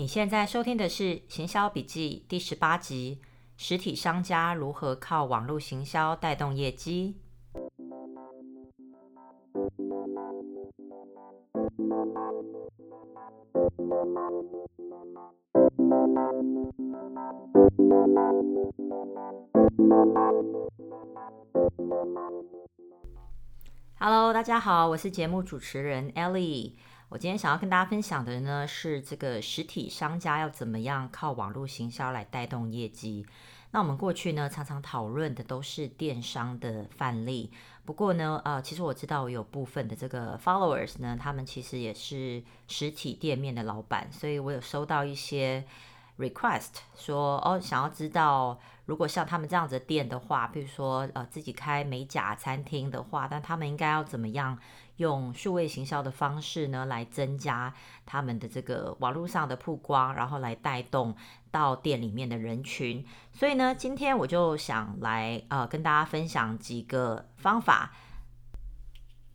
你現在收聽的是《行銷筆記》第十八集：實體商家如何靠網路行銷帶動業績？Hello，大家好，我是節目主持人 Ellie。我今天想要跟大家分享的呢，是這個實體商家要怎麼樣靠網絡行銷來帶動業績。那我們過去呢，常常討論的都是電商的範例。不過呢，呃，其實我知道有部分的這個 followers 呢，他們其實也是實體店面的老闆，所以我有收到一些。Request 說哦，想要知道如果像他們這樣子的店的話，譬如說，呃，自己開美甲餐廳的話，那他們應該要怎麼樣用數位行銷的方式呢，來增加他們的這個網絡上的曝光，然後來帶動到店裡面的人群。所以呢，今天我就想來呃跟大家分享幾個方法。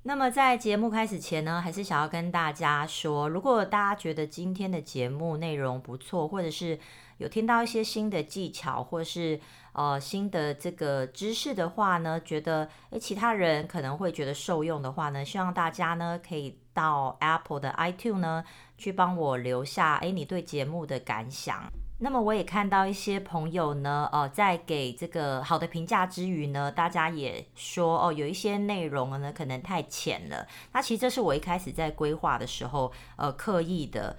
那麼在節目開始前呢，還是想要跟大家說，如果大家覺得今天的節目內容不錯，或者是有聽到一些新的技巧，或者是呃新的這個知識的話呢，覺得哎其他人可能會覺得受用的話呢，希望大家呢可以到 Apple 的 iTunes 呢去幫我留下哎你對節目的感想。那麼我也看到一些朋友呢，呃，在給這個好的評價之餘呢，大家也說哦，有一些內容呢可能太淺了。那其實這是我一開始在規劃的時候，呃，刻意的，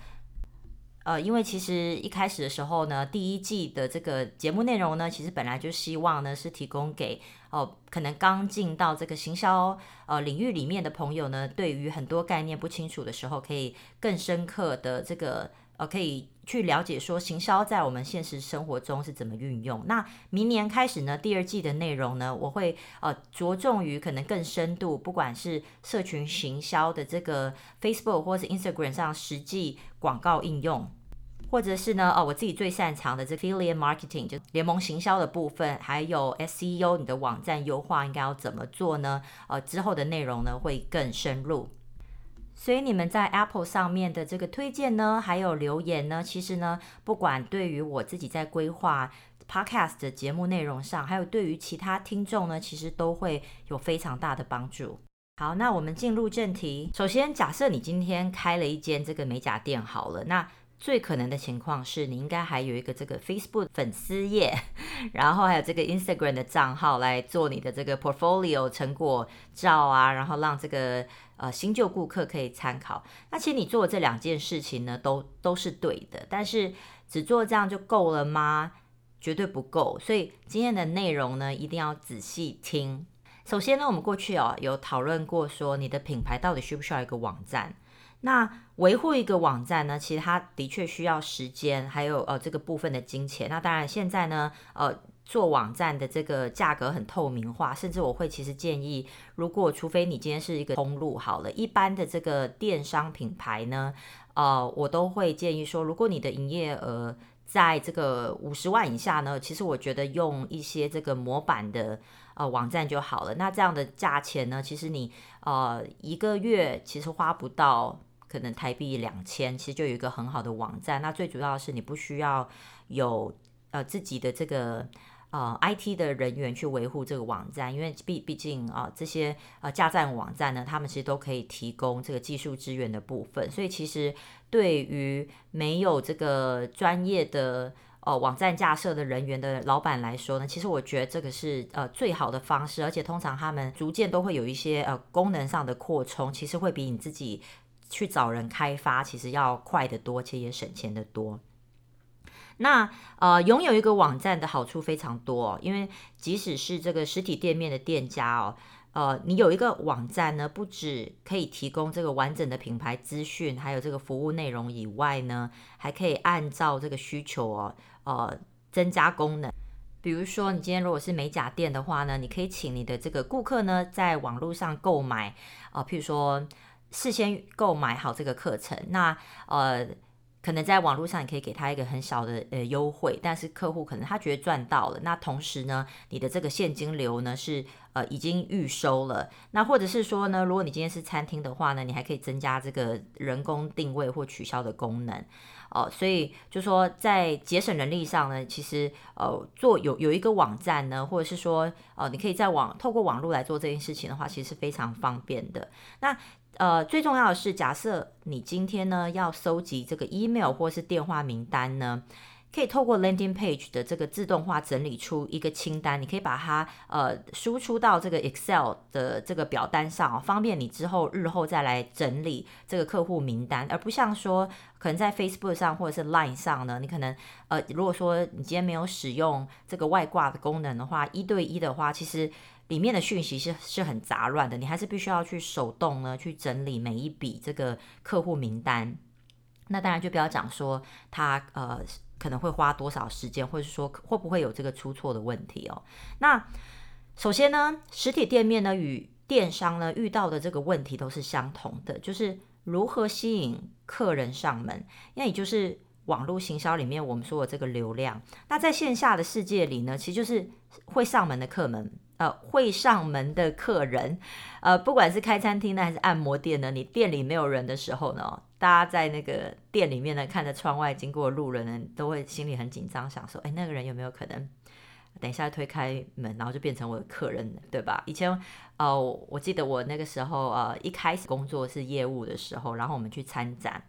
呃，因為其實一開始的時候呢，第一季的這個節目內容呢，其實本來就希望呢是提供給哦，呃，可能剛進到這個行銷呃領域裡面的朋友呢，對於很多概念不清楚的時候，可以更深刻的這個呃可以。去了解說，行銷在我們現實生活中是怎麼運用。那明年開始呢，第二季的內容呢，我會呃着重於可能更深度，不管是社群行銷的這個 Facebook 或者是 Instagram 上實際廣告應用，或者是呢呃、哦、我自己最擅長的這 Affiliate Marketing 就聯盟行銷的部分，還有 SEO 你的網站優化應該要怎麼做呢？呃，之後的內容呢會更深入。所以你們在 Apple 上面的這個推薦呢，還有留言呢，其實呢，不管對於我自己在規劃 Podcast 的節目內容上，還有對於其他聽眾呢，其實都會有非常大的幫助。好，那我們進入正題。首先，假設你今天開了一間這個美甲店好了，那最可能的情況是你應該還有一個這個 Facebook 粉絲頁，然後還有這個 Instagram 的賬號來做你的這個 Portfolio 成果照啊，然後讓這個。呃，新舊顧客可以參考。那其實你做的這兩件事情呢，都都是對的。但是只做這樣就夠了嗎？絕對不夠。所以今天的內容呢，一定要仔細聽。首先呢，我們過去哦有討論過，說你的品牌到底需不需要一個網站？那維護一個網站呢，其實它的確需要時間，還有呃這個部分的金錢。那當然現在呢，呃。做網站的這個價格很透明化，甚至我會其實建議，如果除非你今天是一個通路好了，一般的這個電商品牌呢，呃，我都會建議說，如果你的營業額在這個五十萬以下呢，其實我覺得用一些這個模板的呃網站就好了。那這樣的價錢呢，其實你呃一個月其實花不到可能台幣兩千，其實就有一個很好的網站。那最主要是你不需要有呃自己的這個。呃，IT 的人員去維護這個網站，因為畢畢竟啊、呃，這些呃架站網站呢，他們其實都可以提供這個技術資源的部分，所以其實對於沒有這個專業的呃網站架設的人員的老闆來說呢，其實我覺得這個是呃最好的方式，而且通常他們逐漸都會有一些呃功能上的擴充，其實會比你自己去找人開發其實要快得多，且也省錢得多。那呃，擁有一個網站的好處非常多哦，因為即使是這個實體店面的店家哦，呃，你有一個網站呢，不止可以提供這個完整的品牌資訊，還有這個服務內容以外呢，還可以按照這個需求哦，呃，增加功能。比如說，你今天如果是美甲店的話呢，你可以請你的這個顧客呢，在網絡上購買啊，呃，譬如說事先購買好這個課程。那呃。可能在網絡上你可以給他一個很小的呃優惠，但是客戶可能他覺得賺到了。那同時呢，你的這個現金流呢是呃已經預收了。那或者是說呢，如果你今天是餐廳的話呢，你還可以增加這個人工訂位或取消的功能。哦，所以就說，在節省人力上呢，其實呃做有有一個網站呢，或者是說呃你可以在網透過網絡來做這件事情的話，其實是非常方便的。那呃最重要的是，假設你今天呢要收集這個 email 或是電話名單呢，可以透過 landing page 的這個自動化整理出一個清單，你可以把它呃輸出到這個 Excel 的這個表單上，方便你之後日後再來整理這個客戶名單，而不像說可能在 Facebook 上或者是 Line 上呢，你可能呃如果說你今天沒有使用這個外掛的功能的話，一對一的話，其實裡面的訊息是是很雜亂的，你還是必須要去手動呢去整理每一筆這個客戶名單。那當然就不要講說他呃。可能會花多少時間，或是說會不會有這個出錯的問題哦？那首先呢，實體店面呢與電商呢遇到的這個問題都是相同的，就是如何吸引客人上門，那也就是網絡行銷裡面我們說的這個流量。那在線下的世界裡呢，其實就是會上門的客門，呃，會上門的客人，呃，不管是開餐廳呢還是按摩店呢，你店裡沒有人的時候呢。大家在那個店裡面呢，看着窗外經過路人呢，都會心裡很緊張，想說：“哎，那個人有沒有可能等一下推開門，然後就變成我的客人，對吧？”以前，哦、呃，我記得我那個時候，呃，一開始工作是業務的時候，然後我們去參展，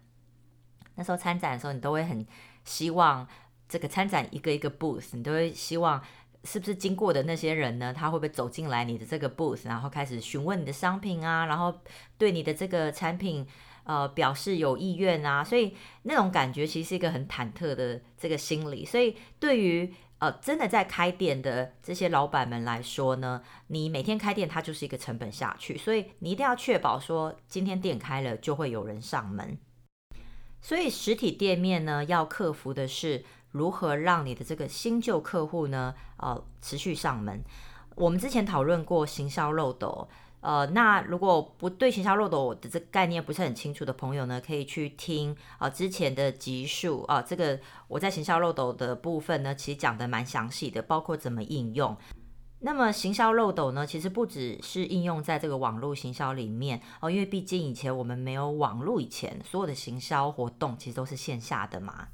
那時候參展的時候，你都會很希望這個參展一個一個 booth 你都會希望是不是經過的那些人呢，他會不會走進來你的這個 booth 然後開始詢問你的商品啊，然後對你的這個產品。呃，表示有意願啊，所以那種感覺其實是一個很忐忑的這個心理。所以對於呃真的在開店的這些老闆們來說呢，你每天開店它就是一個成本下去，所以你一定要確保說今天店開了就會有人上門。所以實體店面呢，要克服的是如何讓你的這個新舊客戶呢，呃，持續上門。我們之前討論過行銷漏斗。呃，那如果不對行銷漏斗的這概念不是很清楚的朋友呢，可以去聽啊、呃、之前的集數啊、呃，這個我在行銷漏斗的部分呢，其實講得蠻詳細的，包括怎麼應用。那麼行銷漏斗呢，其實不只是應用在這個網絡行銷裡面哦、呃，因為畢竟以前我們沒有網絡以前，所有的行銷活動其實都是線下的嘛。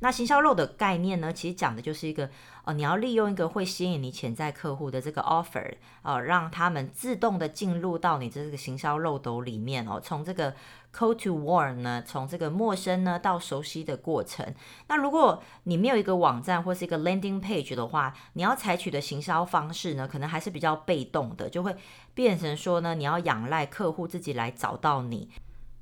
那行銷漏的概念呢，其實講的就是一個呃、哦，你要利用一個會吸引你潛在客戶的這個 offer 呃、哦，讓他們自動的進入到你這個行銷漏斗裡面哦。從這個 cold to warm 呢，從這個陌生呢到熟悉的過程。那如果你沒有一個網站或是一個 landing page 的話，你要採取的行銷方式呢，可能還是比較被動的，就會變成說呢，你要仰賴客戶自己來找到你。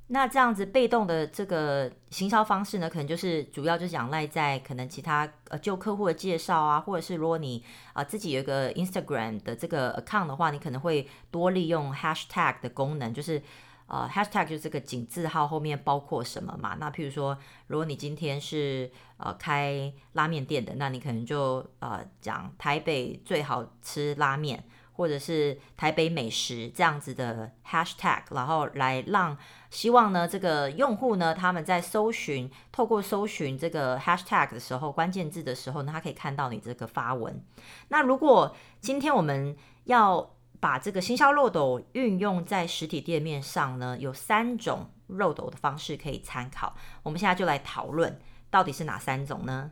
那這樣子被動的這個行銷方式呢，可能就是主要就仰賴在可能其他呃舊客戶的介紹啊，或者是如果你啊、呃、自己有一個 Instagram 的這個 account 的話，你可能會多利用 hashtag 的功能，就是、呃、hashtag 就是這個井字號後面包括什麼嘛。那譬如說，如果你今天是呃開拉麵店的，那你可能就呃講台北最好吃拉麵。或者是台北美食這樣子的 hashtag，然後來讓希望呢這個用戶呢他們在搜尋，透過搜尋這個 hashtag 的時候，關鍵字的時候呢，他可以看到你這個發文。那如果今天我們要把這個行銷漏斗運用在實體店面上呢，有三種漏斗的方式可以參考。我們現在就來討論到底是哪三種呢？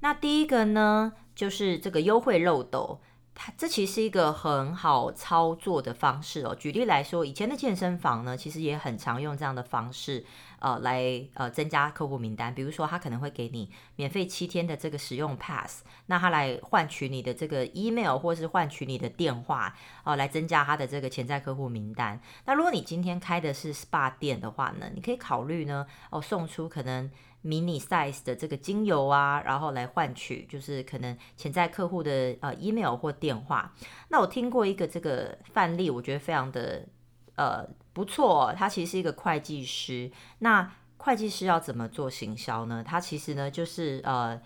那第一個呢，就是這個優惠漏斗，它這其實是一個很好操作的方式哦。舉例來說，以前的健身房呢，其實也很常用這樣的方式，呃，來呃增加客戶名單。比如說，它可能會給你免費七天的這個使用 pass，那它來換取你的這個 email，或是換取你的電話，哦、呃，來增加它的這個潛在客戶名單。那如果你今天開的是 SPA 店的話呢，你可以考慮呢，哦，送出可能。迷你 size 的這個精油啊，然後來換取就是可能潛在客戶的呃 email 或電話。那我聽過一個這個範例，我覺得非常的呃不錯哦。他其實是一個會計師。那會計師要怎麼做行銷呢？他其實呢就是呃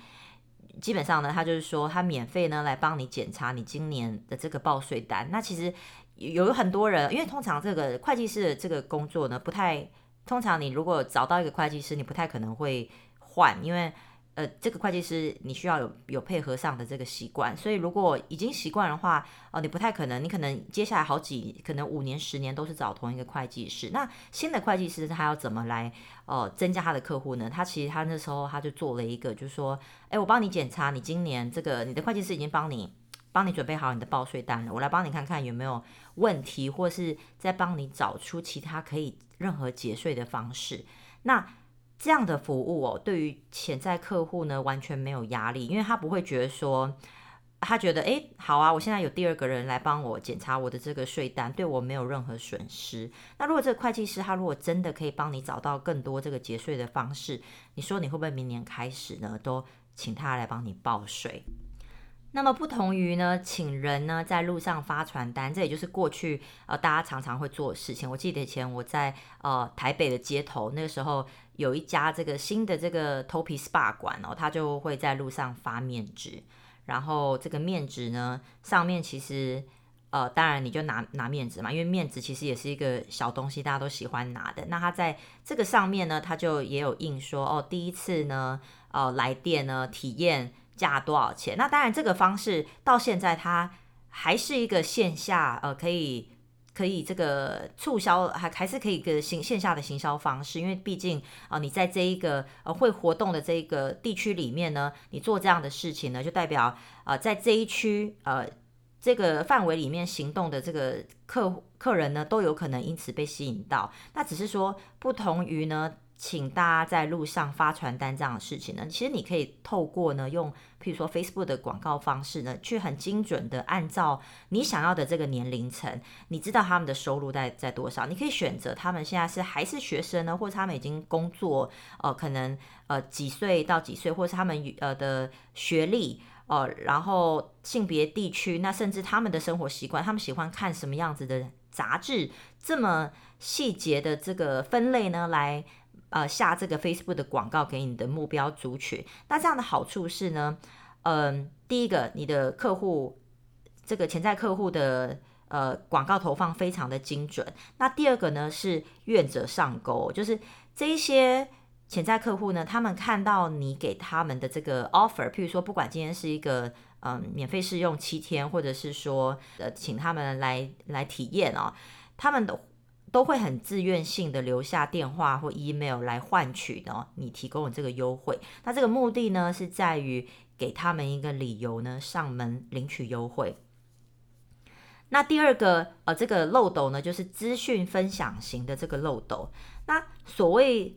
基本上呢，他就是說他免費呢來幫你檢查你今年的這個報稅單。那其實有很多人，因為通常這個會計師的這個工作呢不太。通常你如果找到一個會計師，你不太可能會換，因為呃，這個會計師你需要有有配合上的這個習慣。所以如果已經習慣的話，哦、呃，你不太可能，你可能接下來好幾可能五年、十年都是找同一個會計師。那新的會計師他要怎麼來哦、呃，增加他的客戶呢？他其實他那時候他就做了一個，就是說，哎，我幫你檢查，你今年這個你的會計師已經幫你幫你準備好你的報稅單了，我來幫你看看有沒有問題，或是再幫你找出其他可以任何節稅的方式，那這樣的服務哦，對於潛在客戶呢，完全沒有壓力，因為他不會覺得說，他覺得哎，好啊，我現在有第二個人來幫我檢查我的這個稅單，對我沒有任何損失。那如果這個會計師他如果真的可以幫你找到更多這個節稅的方式，你說你會不會明年開始呢，都請他來幫你報稅？那麼不同於呢，請人呢在路上發傳單，這也就是過去呃大家常常會做的事情。我記得以前我在呃台北的街頭，那個時候有一家這個新的這個頭皮 SPA 館哦，它就會在路上發面紙，然後這個面紙呢上面其實呃當然你就拿拿面紙嘛，因為面紙其實也是一個小東西，大家都喜歡拿的。那它在這個上面呢，它就也有印說哦，第一次呢呃來店呢體驗。價多少錢？那當然，這個方式到現在它還是一個線下，呃，可以可以這個促銷，還還是可以個行線下的行銷方式。因為畢竟啊、呃，你在這一個呃會活動的這一個地區裡面呢，你做這樣的事情呢，就代表啊、呃，在這一區呃這個範圍裡面行動的這個客客人呢，都有可能因此被吸引到。那只是說，不同於呢。請大家在路上發傳單這樣的事情呢，其實你可以透過呢用，譬如說 Facebook 的廣告方式呢，去很精準的按照你想要的這個年齡層，你知道他們的收入在在多少，你可以選擇他們現在是還是學生呢，或者他們已經工作，呃，可能呃幾歲到幾歲，或是他們呃的學歷，哦、呃，然後性別、地區，那甚至他們的生活習慣，他們喜歡看什麼樣子的雜誌，這麼細節的這個分類呢，來。呃，下這個 Facebook 的廣告給你的目標族群，那這樣的好處是呢，嗯、呃，第一個，你的客戶這個潛在客戶的呃廣告投放非常的精準，那第二個呢是願者上鈎，就是這一些潛在客戶呢，他們看到你給他們的這個 offer，譬如說不管今天是一個嗯、呃、免費試用七天，或者是說呃請他們來來體驗哦，他們的。都會很自願性的留下電話或 email 來換取呢，你提供的這個優惠。那這個目的呢，是在於給他們一個理由呢，上門領取優惠。那第二個，呃，這個漏斗呢，就是資訊分享型的這個漏斗。那所謂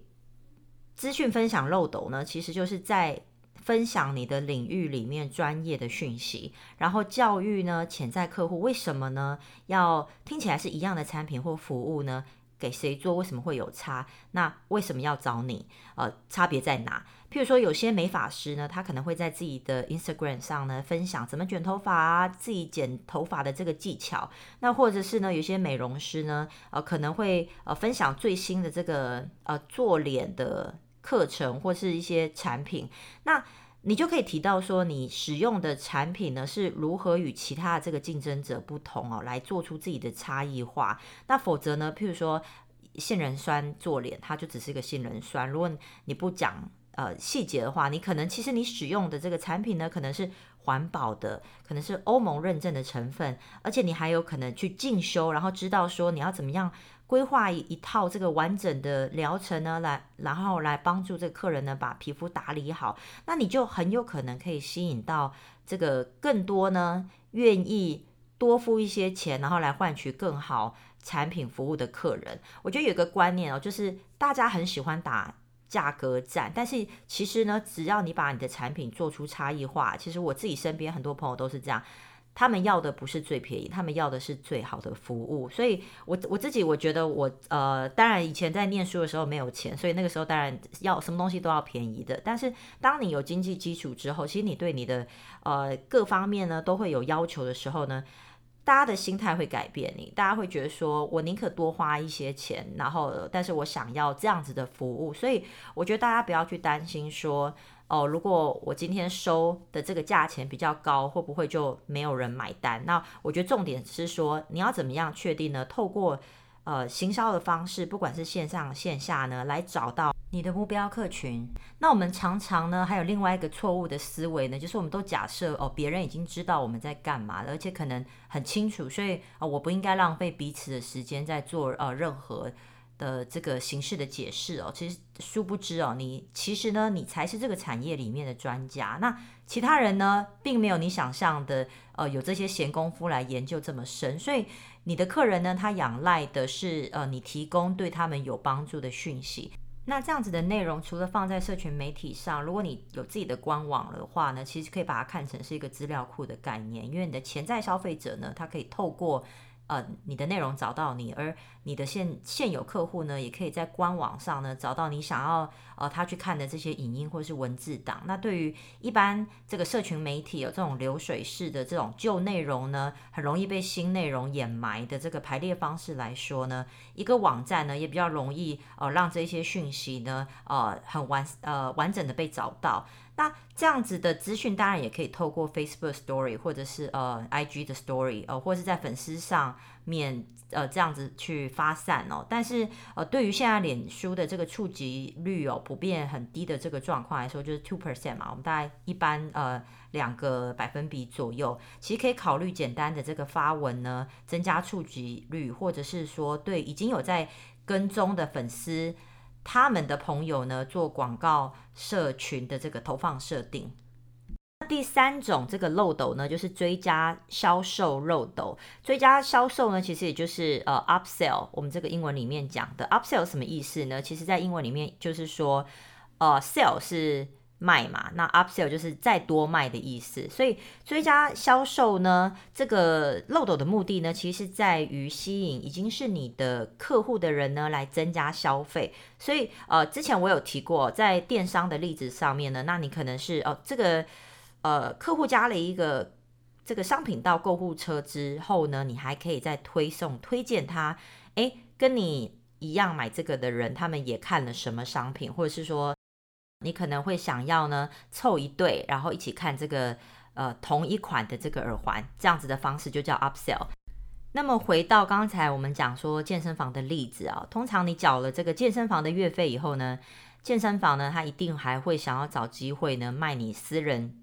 資訊分享漏斗呢，其實就是在。分享你的領域裡面專業的訊息，然後教育呢潛在客戶為什麼呢，要聽起來是一樣的產品或服務呢，給誰做為什麼會有差？那為什麼要找你？呃，差別在哪？譬如說有些美髮師呢，他可能會在自己的 Instagram 上呢分享怎麼捲頭髮啊，自己剪頭髮的這個技巧。那或者是呢，有些美容師呢，呃，可能會呃分享最新的這個呃做臉的。課程或是一些產品，那你就可以提到說，你使用的產品呢是如何與其他的這個競爭者不同哦，來做出自己的差異化。那否則呢，譬如說，杏仁酸做臉，它就只是一個杏仁酸。如果你不講呃細節的話，你可能其實你使用的這個產品呢，可能是。環保的可能是歐盟認證的成分，而且你還有可能去進修，然後知道說你要怎麼樣規劃一套這個完整的療程呢，來，然後來幫助這個客人呢把皮膚打理好，那你就很有可能可以吸引到這個更多呢願意多付一些錢，然後來換取更好產品服務的客人。我覺得有個觀念哦，就是大家很喜歡打價格戰，但是其實呢，只要你把你的產品做出差異化，其實我自己身邊很多朋友都是這樣，他們要的不是最便宜，他們要的是最好的服務。所以我，我我自己我覺得我，我呃，當然以前在念書的時候沒有錢，所以那個時候當然要什麼東西都要便宜的。但是，當你有經濟基礎之後，其實你對你的呃各方面呢都會有要求的時候呢。大家的心態會改變你，大家會覺得說我寧可多花一些錢，然後但是我想要這樣子的服務，所以我覺得大家不要去擔心說哦，如果我今天收的這個價錢比較高，會不會就沒有人買單？那我覺得重點是說，你要怎麼樣確定呢？透過呃行銷的方式，不管是線上線下呢，來找到。你的目標客群，那我們常常呢，還有另外一個錯誤的思維呢，就是我們都假設哦，別人已經知道我們在幹嘛了，而且可能很清楚，所以啊，哦，我不應該浪費彼此的時間在做呃任何的這個形式的解釋哦。其實殊不知哦，你其實呢，你才是這個產業裡面的專家，那其他人呢，並沒有你想象的呃有這些閒工夫來研究這麼深，所以你的客人呢，他仰賴的是呃你提供對他們有幫助的訊息。那這樣子的內容，除了放在社群媒體上，如果你有自己的官網的話呢，其實可以把它看成是一個資料庫的概念，因為你的潛在消費者呢，他可以透過。呃，你的內容找到你，而你的現現有客戶呢，也可以在官網上呢找到你想要呃他去看的這些影音或是文字檔。那對於一般這個社群媒體有，呃，這種流水式的這種舊內容呢，很容易被新內容掩埋的這個排列方式來說呢，一個網站呢也比較容易呃讓這些訊息呢呃很完呃完整的被找到。那這樣子的資訊當然也可以透過 Facebook Story 或者是呃 IG 的 Story，呃，或是在粉絲上面呃這樣子去發散哦。但是呃，對於現在臉書的這個觸及率哦，普遍很低的這個狀況來說，就是 two percent 嘛，我們大概一般呃兩個百分比左右，其實可以考慮簡單的這個發文呢，增加觸及率，或者是說對已經有在跟蹤的粉絲。他們的朋友呢，做廣告社群的這個投放設定。第三種這個漏斗呢，就是追加銷售漏斗。追加銷售呢，其實也就是呃 Upsell。我們這個英文裡面講的 Upsell 是什麼意思呢？其實，在英文裡面就是說，呃，Sell 是。賣嘛，那 upsell 就是再多賣的意思，所以追加銷售呢，這個漏斗的目的呢，其實是在於吸引已經是你的客戶的人呢，來增加消費。所以呃，之前我有提過，在電商的例子上面呢，那你可能是哦、呃，這個呃客戶加了一個這個商品到購物車之後呢，你還可以再推送推薦他，哎，跟你一樣買這個的人，他們也看了什麼商品，或者是說，你可能會想要呢湊一對，然後一起看這個呃同一款的這個耳環，這樣子的方式就叫 upsell。那麼回到剛才我們講說健身房的例子啊、哦，通常你繳了這個健身房的月費以後呢，健身房呢它一定還會想要找機會呢賣你私人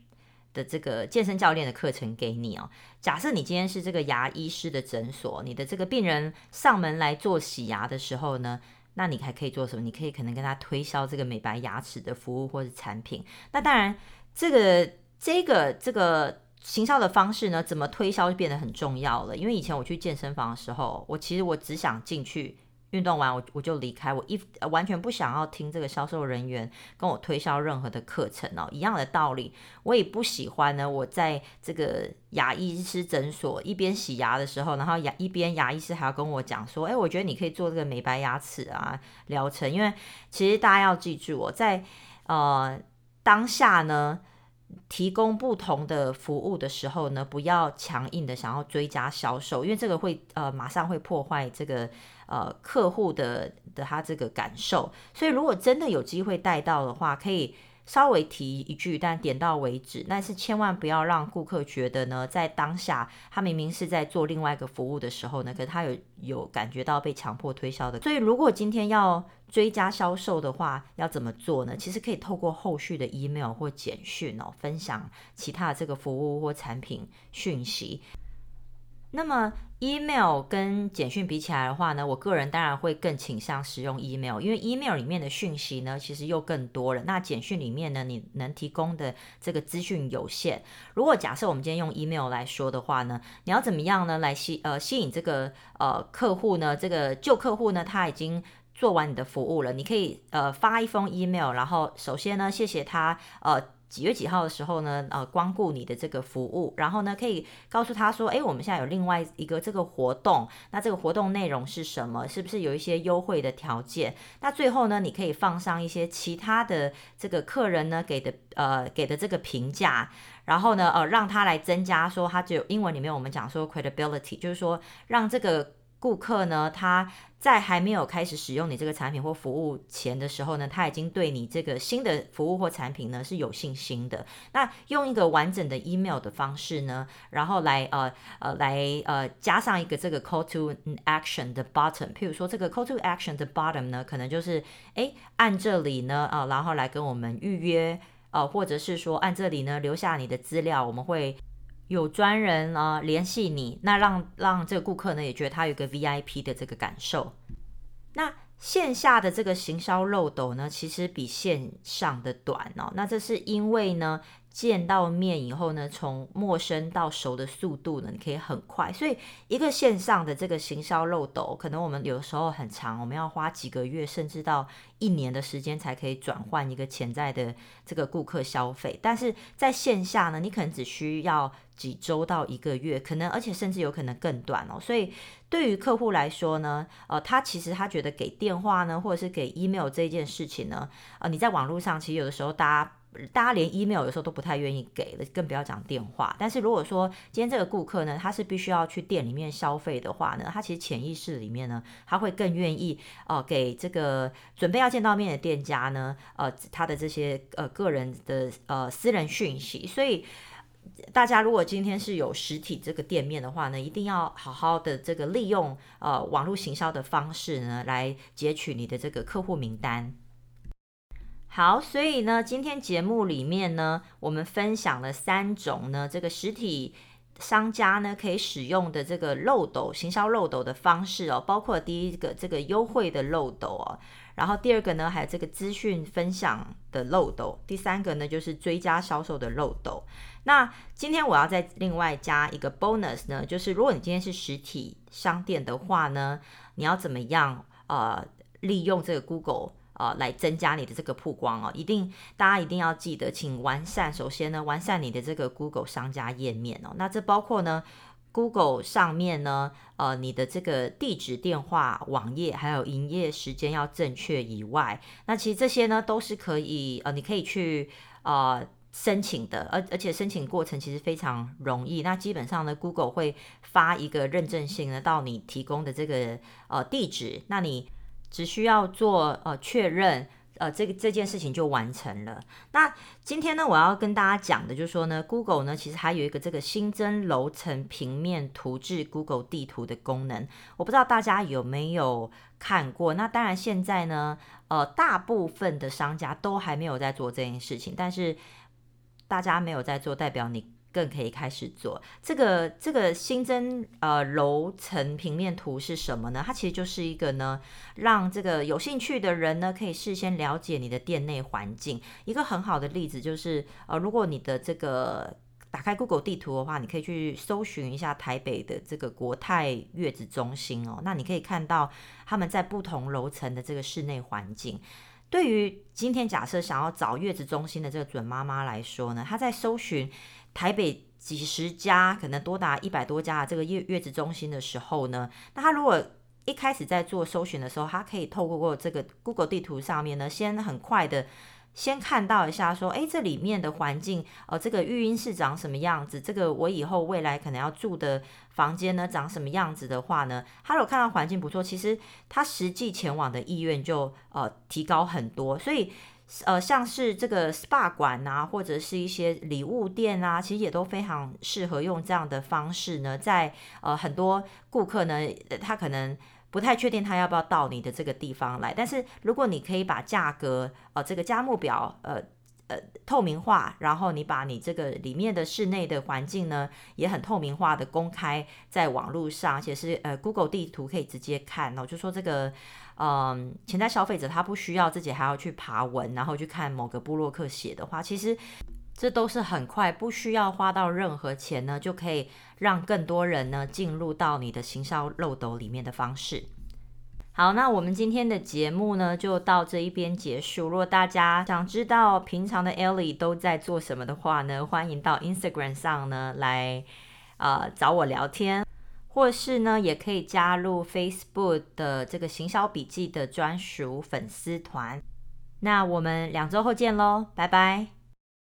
的這個健身教練的課程給你哦。假設你今天是這個牙醫師的診所，你的這個病人上門來做洗牙的時候呢。那你還可以做什麼？你可以可能跟他推銷這個美白牙齒的服務或者產品。那當然，這個、這個、這個行銷的方式呢，怎麼推銷就變得很重要了。因為以前我去健身房的時候，我其實我只想進去。運動完我我就離開，我一完全不想要聽這個銷售人員跟我推銷任何的課程哦，一樣的道理，我也不喜歡呢。我在這個牙醫師診所一邊洗牙的時候，然後牙一邊牙醫師還要跟我講說，哎，我覺得你可以做這個美白牙齒啊療程，因為其實大家要記住，哦，在呃當下呢提供不同的服務的時候呢，不要強硬的想要追加銷售，因為這個會呃馬上會破壞這個。呃，客戶的的他這個感受，所以如果真的有機會帶到的話，可以稍微提一句，但點到為止。但是千萬不要讓顧客覺得呢，在當下他明明是在做另外一個服務的時候呢，可是他有有感覺到被強迫推銷的。所以如果今天要追加銷售的話，要怎麼做呢？其實可以透過後續的 email 或簡訊哦，分享其他的這個服務或產品訊息。那麼，email 跟簡訊比起來的話呢，我個人當然會更傾向使用 email，因為 email 裡面的訊息呢，其實又更多了。那簡訊裡面呢，你能提供的這個資訊有限。如果假設我們今天用 email 來說的話呢，你要怎麼樣呢來吸呃吸引這個呃客戶呢？這個舊客戶呢，他已經做完你的服務了，你可以呃發一封 email，然後首先呢，謝謝他呃。幾月幾號的時候呢，呃，光顧你的這個服務，然後呢，可以告訴他說，誒，我們現在有另外一個這個活動，那這個活動內容是什麼，是不是有一些優惠的條件？那最後呢，你可以放上一些其他的這個客人呢，給的，呃，給的這個評價，然後呢，呃，讓他來增加說，他只有英文裡面我們講說 credibility，就是說讓這個，顧客呢，他在還沒有開始使用你這個產品或服務前的時候呢，他已經對你這個新的服務或產品呢是有信心的。那用一個完整的 email 的方式呢，然後來呃呃來呃加上一個這個 call to action 的 button。譬如說這個 call to action 的 button 呢，可能就是哎按這裡呢，然後來跟我們預約，呃，或者是說按這裡呢，留下你的資料，我們會。有專人啊聯繫你，那讓讓這個顧客呢也覺得他有個 VIP 的這個感受。那線下的這個行銷漏斗呢，其實比線上的短哦。那這是因為呢？見到面以後呢，從陌生到熟的速度呢，你可以很快。所以一個線上的這個行銷漏斗，可能我們有時候很長，我們要花幾個月甚至到一年的時間才可以轉換一個潛在的這個顧客消費。但是在線下呢，你可能只需要幾周到一個月，可能而且甚至有可能更短哦。所以對於客戶來說呢，呃，他其實他覺得給電話呢，或者是給 email 這件事情呢，呃，你在網路上其實有的時候大家。大家連 email 有時候都不太願意給，更不要講電話。但是如果說今天這個顧客呢，他是必須要去店裡面消費的話呢，他其實潛意識裡面呢，他會更願意呃給這個準備要見到面的店家呢，呃他的這些呃個人的呃私人訊息。所以大家如果今天是有實體這個店面的話呢，一定要好好的這個利用呃網絡行銷的方式呢，來截取你的這個客戶名單。好，所以呢，今天節目裡面呢，我們分享了三種呢，這個實體商家呢可以使用的這個漏斗行銷漏斗的方式哦，包括第一個這個優惠的漏斗哦，然後第二個呢還有這個資訊分享的漏斗，第三個呢就是追加銷售的漏斗。那今天我要再另外加一個 bonus 呢，就是如果你今天是實體商店的話呢，你要怎麼樣呃利用這個 Google 呃，來增加你的這個曝光哦，一定大家一定要記得，請完善。首先呢，完善你的這個 Google 商家頁面哦。那這包括呢，Google 上面呢，呃，你的這個地址、電話、網頁還有營業時間要正確以外，那其實這些呢都是可以呃，你可以去呃申請的，而而且申請過程其實非常容易。那基本上呢 Google 會發一個認證信呢到你提供的這個呃地址，那你，只需要做呃確認，呃這個這件事情就完成了。那今天呢，我要跟大家講的，就是說呢，Google 呢其實還有一個這個新增樓層平面圖至 Google 地圖的功能，我不知道大家有沒有看過。那當然現在呢，呃大部分的商家都還沒有在做這件事情，但是大家沒有在做，代表你。更可以開始做這個，這個新增呃樓層平面圖是什麼呢？它其實就是一個呢，讓這個有興趣的人呢可以事先了解你的店內環境。一個很好的例子就是，呃，如果你的這個打開 Google 地圖的話，你可以去搜尋一下台北的這個國泰月子中心哦，那你可以看到他們在不同樓層的這個室內環境。對於今天假設想要找月子中心的這個準媽媽來說呢，她在搜尋台北幾十家，可能多達一百多家的這個月月子中心的時候呢，那她如果一開始在做搜尋的時候，她可以透過過這個 Google 地圖上面呢，先很快的。先看到一下，說，哎，這裡面的環境，呃，這個育嬰室長什麼樣子？這個我以後未來可能要住的房間呢，長什麼樣子的話呢？他有看到環境不錯，其實他實際前往的意願就呃提高很多。所以，呃，像是這個 SPA 館啊，或者是一些禮物店啊，其實也都非常適合用這樣的方式呢，在呃很多顧客呢，他可能。不太確定他要不要到你的這個地方來，但是如果你可以把價格，呃，這個價目表，呃，呃，透明化，然後你把你這個裡面的室內的環境呢，也很透明化的公開在網絡上，而且是呃，Google 地圖可以直接看，那就說這個，嗯、呃，潛在消費者他不需要自己還要去爬文，然後去看某個部落客寫的話，其實。這都是很快，不需要花到任何錢呢，就可以讓更多人呢進入到你的行銷漏斗裡面的方式。好，那我們今天的節目呢就到這一邊結束。如果大家想知道平常的 Ellie 都在做什麼的話呢，歡迎到 Instagram 上呢來啊、呃、找我聊天，或是呢也可以加入 Facebook 的這個行銷筆記的專屬粉絲團。那我們兩周後見嘍，拜拜。